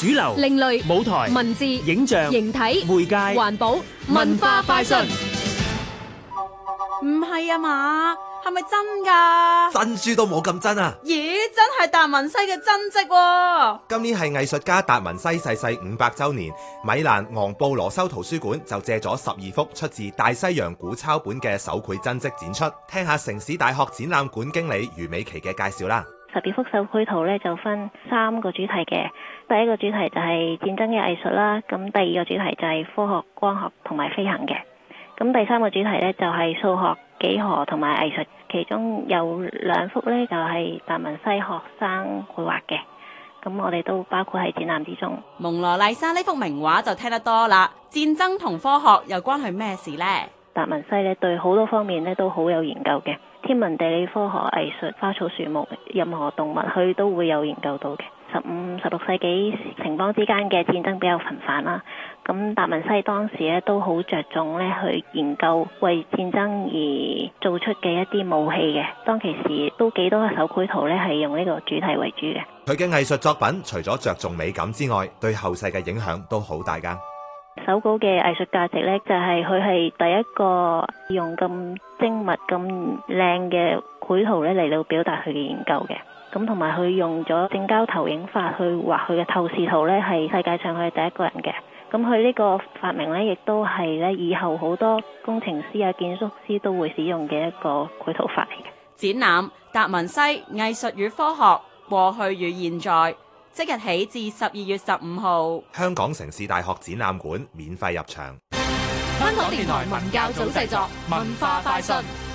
主流、另類舞台、文字、影像、形體、媒介、環保、文化快訊，唔係啊嘛？係咪真噶？珍珠都冇咁真啊！咦，真係達文西嘅真迹？今年係藝術家達文西逝世五百周年，米蘭昂布羅修圖書館就借咗十二幅出自大西洋古抄本嘅手繪真迹展出。聽下城市大學展覽館經理余美琪嘅介紹啦。十二幅手繪圖咧就分三個主題嘅，第一個主題就係戰爭嘅藝術啦，咁第二個主題就係科學光學同埋飛行嘅，咁第三個主題咧就係數學幾何同埋藝術，其中有兩幅咧就係達文西學生繪畫嘅，咁我哋都包括喺展覽之中。蒙羅麗莎呢幅名畫就聽得多啦，戰爭同科學又關係咩事呢？達文西咧對好多方面咧都好有研究嘅。天文地理、科學、藝術、花草、樹木、任何動物，佢都會有研究到嘅。十五、十六世紀，城邦之間嘅戰爭比較頻繁啦。咁達文西當時咧都好着重咧去研究為戰爭而做出嘅一啲武器嘅。當其時都幾多手繪圖咧，係用呢個主題為主嘅。佢嘅藝術作品除咗着重美感之外，對後世嘅影響都好大噶。手稿嘅藝術價值呢，就係佢係第一個用咁精密、咁靚嘅繪圖呢嚟到表達佢嘅研究嘅。咁同埋佢用咗正交投影法去畫佢嘅透視圖呢，係世界上佢係第一個人嘅。咁佢呢個發明呢，亦都係呢以後好多工程師啊、建築師都會使用嘅一個繪圖法嚟嘅。展覽達文西藝術與科學：過去與現在。即日起至十二月十五號，香港城市大學展覽館免費入場。香港電台文教組製作文化快訊。